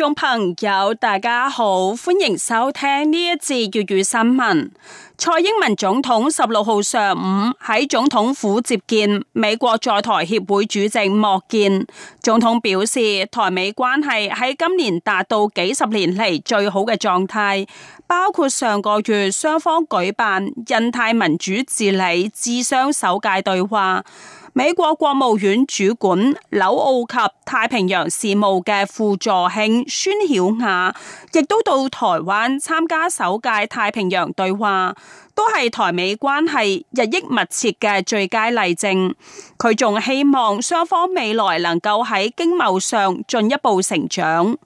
觀眾朋友，大家好，歡迎收聽呢一節粵語新聞。蔡英文總統十六號上午喺總統府接見美國在台協會主席莫建。總統表示，台美關係喺今年達到幾十年嚟最好嘅狀態，包括上個月雙方舉辦印太民主治理諮商首屆對話。美國國務院主管紐澳及太平洋事務嘅副助卿孫曉雅，亦都到台灣參加首屆太平洋對話，都係台美關係日益密切嘅最佳例證。佢仲希望雙方未來能夠喺經貿上進一步成長。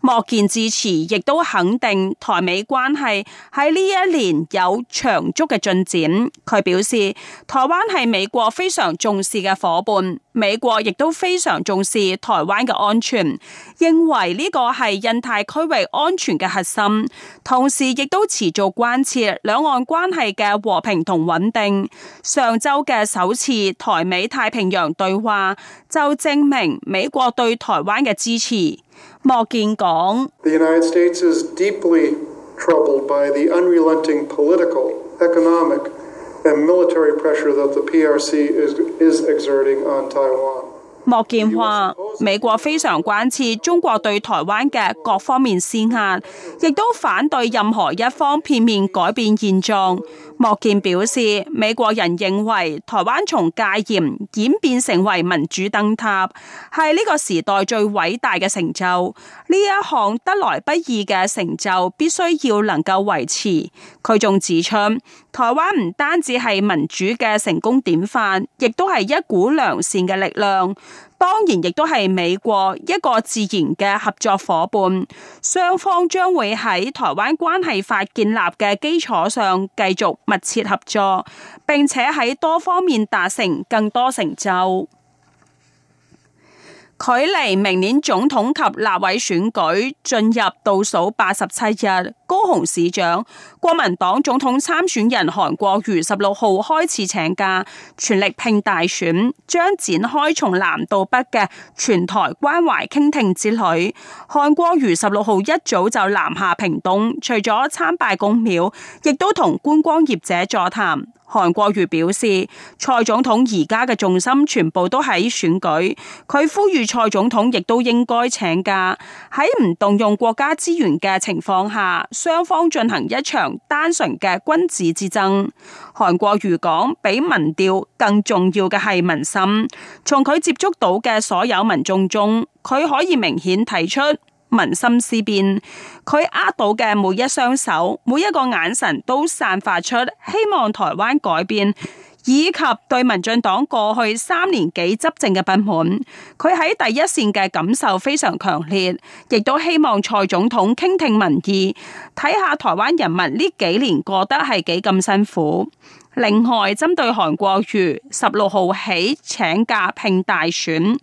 莫建致詞亦都肯定台美關係喺呢一年有長足嘅進展。佢表示，台灣係美國非常重視嘅夥伴，美國亦都非常重視台灣嘅安全，認為呢個係印太區域安全嘅核心，同時亦都持續關切兩岸關係嘅和平同穩定。上周嘅首次台美太平洋對話就證明美國對台灣嘅支持。莫建講，莫建話，美國非常關切中國對台灣嘅各方面施壓，亦都反對任何一方片面改變現狀。莫健表示，美國人認為台灣從戒嚴演變成為民主燈塔，係呢個時代最偉大嘅成就。呢一項得來不易嘅成就，必須要能夠維持。佢仲指出，台灣唔單止係民主嘅成功典範，亦都係一股良善嘅力量。當然，亦都係美國一個自然嘅合作伙伴，雙方將會喺台灣關係法建立嘅基礎上繼續密切合作，並且喺多方面達成更多成就。距離明年總統及立委選舉進入倒數八十七日。高雄市長、國民黨總統參選人韓國瑜十六號開始請假，全力拼大選，將展開從南到北嘅全台關懷傾聽之旅。韓國瑜十六號一早就南下屏東，除咗參拜公廟，亦都同觀光業者座談。韓國瑜表示，蔡總統而家嘅重心全部都喺選舉，佢呼籲蔡總統亦都應該請假，喺唔動用國家資源嘅情況下。雙方進行一場單純嘅君子之爭。韓國瑜講，比民調更重要嘅係民心。從佢接觸到嘅所有民眾中，佢可以明顯睇出民心思變。佢握到嘅每一雙手，每一個眼神，都散發出希望台灣改變，以及對民進黨過去三年幾執政嘅不滿，佢喺第一線嘅感受非常強烈，亦都希望蔡總統傾聽民意，睇下台灣人民呢幾年過得係幾咁辛苦。另外，針對韓國瑜，十六號起請假拼大選。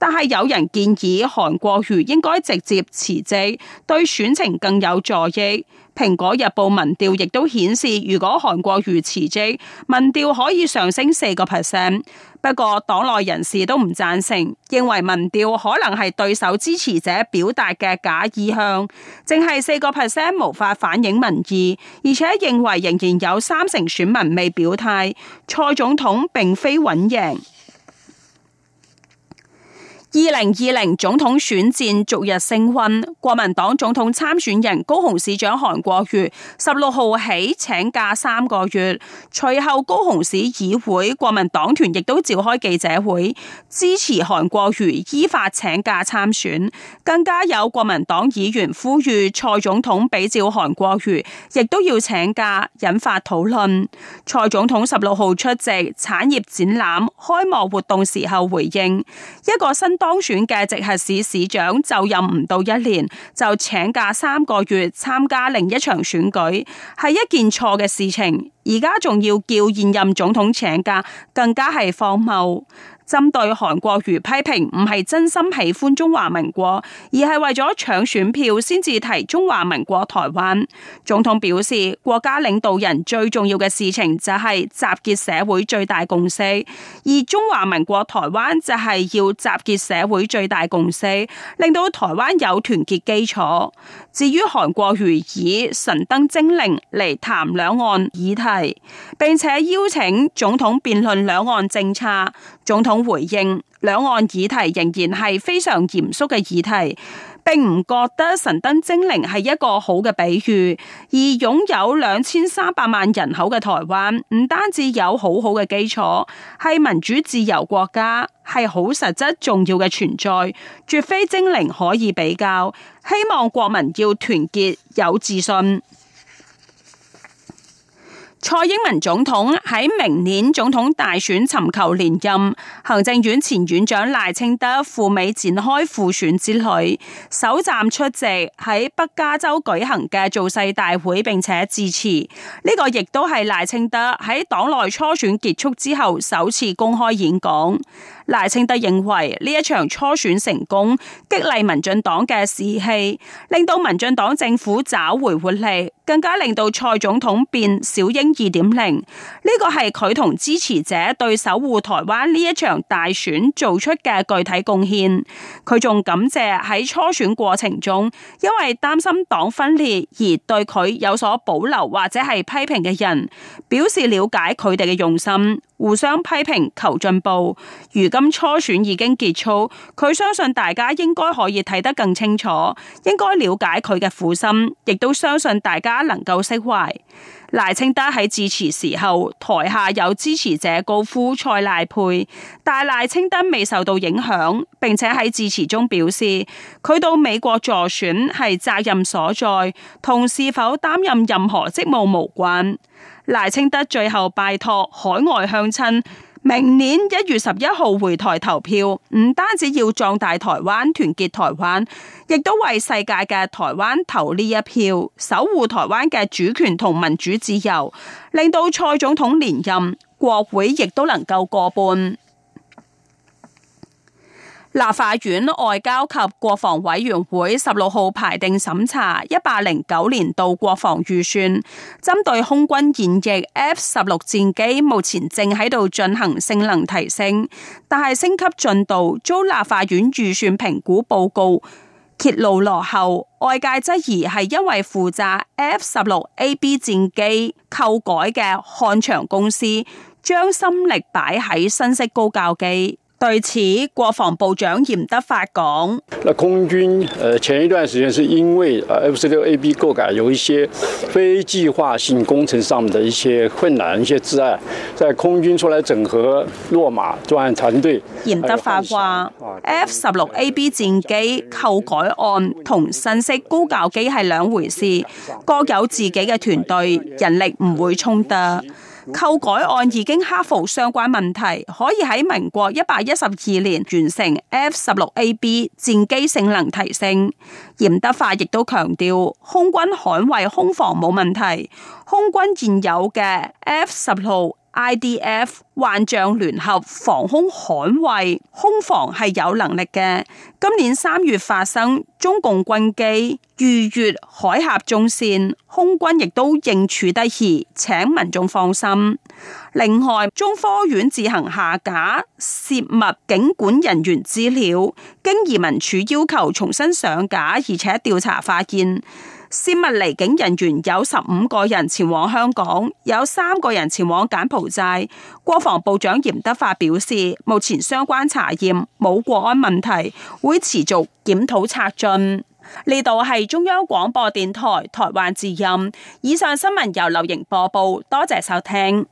但係有人建議韓國瑜應該直接辭職，對選情更有助益。蘋果日報民調亦都顯示，如果韓國瑜辭職，民調可以上升四個 percent。不過黨內人士都唔贊成，認為民調可能係對手支持者表達嘅假意向，淨係四個 percent 無法反映民意，而且認為仍然有三成選民未表態，蔡總統並非穩贏。二零二零總統選戰逐日升温，國民黨總統參選人高雄市長韓國瑜十六號起請假三個月，隨後高雄市議會國民黨團亦都召開記者會，支持韓國瑜依法請假參選，更加有國民黨議員呼籲蔡總統比照韓國瑜，亦都要請假，引發討論。蔡總統十六號出席產業展覽開幕活動時候回應：一個新。當選嘅直轄市市長就任唔到一年，就請假三個月參加另一場選舉，係一件錯嘅事情。而家仲要叫現任總統請假，更加係荒謬。針對韓國瑜批評唔係真心喜歡中華民國，而係為咗搶選票先至提中華民國台灣。總統表示，國家領導人最重要嘅事情就係集結社會最大共識，而中華民國台灣就係要集結社會最大共識，令到台灣有團結基礎。至於韓國瑜以神燈精靈嚟談兩岸議題，並且邀請總統辯論兩岸政策，總統回應兩岸議題，仍然係非常嚴肅嘅議題，並唔覺得神燈精靈係一個好嘅比喻。而擁有兩千三百萬人口嘅台灣，唔單止有好好嘅基礎，係民主自由國家，係好實質重要嘅存在，絕非精靈可以比較。希望國民要團結，有自信。蔡英文總統喺明年總統大選尋求連任，行政院前院長賴清德赴美展開輔選之旅，首站出席喺北加州舉行嘅造勢大會，並且致辭。呢、這個亦都係賴清德喺黨內初選結束之後首次公開演講。賴清德認為呢一場初選成功，激勵民進黨嘅士氣，令到民進黨政府找回活力，更加令到蔡總統變小英二點零。呢個係佢同支持者對守護台灣呢一場大選做出嘅具體貢獻。佢仲感謝喺初選過程中，因為擔心黨分裂而對佢有所保留或者係批評嘅人，表示了解佢哋嘅用心。互相批評求進步，如今初選已經結束，佢相信大家應該可以睇得更清楚，應該了解佢嘅苦心，亦都相信大家能夠釋懷。賴清德喺致辭時候，台下有支持者高呼蔡賴配，但賴清德未受到影響，並且喺致辭中表示，佢到美國助選係責任所在，同是否擔任任何職務無關。賴清德最後拜託海外鄉親，明年一月十一號回台投票，唔單止要壯大台灣、團結台灣，亦都為世界嘅台灣投呢一票，守護台灣嘅主權同民主自由，令到蔡總統連任，國會亦都能夠過半。立法院外交及國防委員會十六號排定審查一百零九年度國防預算，針對空軍現役 F 十六戰機，目前正喺度進行性能提升，但係升級進度遭立法院預算評估報告揭露落後，外界質疑係因為負責 F 十六 AB 戰機構改嘅漢翔公司將心力擺喺新式高教機。對此，國防部長嚴德發講，空軍，前一段時間是因為 F 十六 A B 購改有一些非計劃性工程上面的一些困難、一些障礙，在空軍出來整合落馬專案團隊。嚴德發話，F 十六 A B 戰機購改案同信息高教機係兩回事，各有自己嘅團隊，人力唔會衝突。購改案已經克服相關問題，可以喺民國一百一十二年完成 F 十六 AB 戰機性能提升。嚴德發亦都強調，空軍捍衛空防冇問題，空軍現有嘅。F 十六 IDF 幻象聯合防空捍衛空防係有能力嘅。今年三月發生中共軍機逾越海峽中線，空軍亦都應處得宜，請民眾放心。另外，中科院自行下架涉密警管人員資料，經移民署要求重新上架，而且調查發現。涉密離境人員有十五個人前往香港，有三個人前往柬埔寨。國防部長嚴德發表示，目前相關查驗冇國安問題，會持續檢討策進。呢度係中央廣播電台台灣自任》。以上新聞由劉瑩播報，多謝收聽。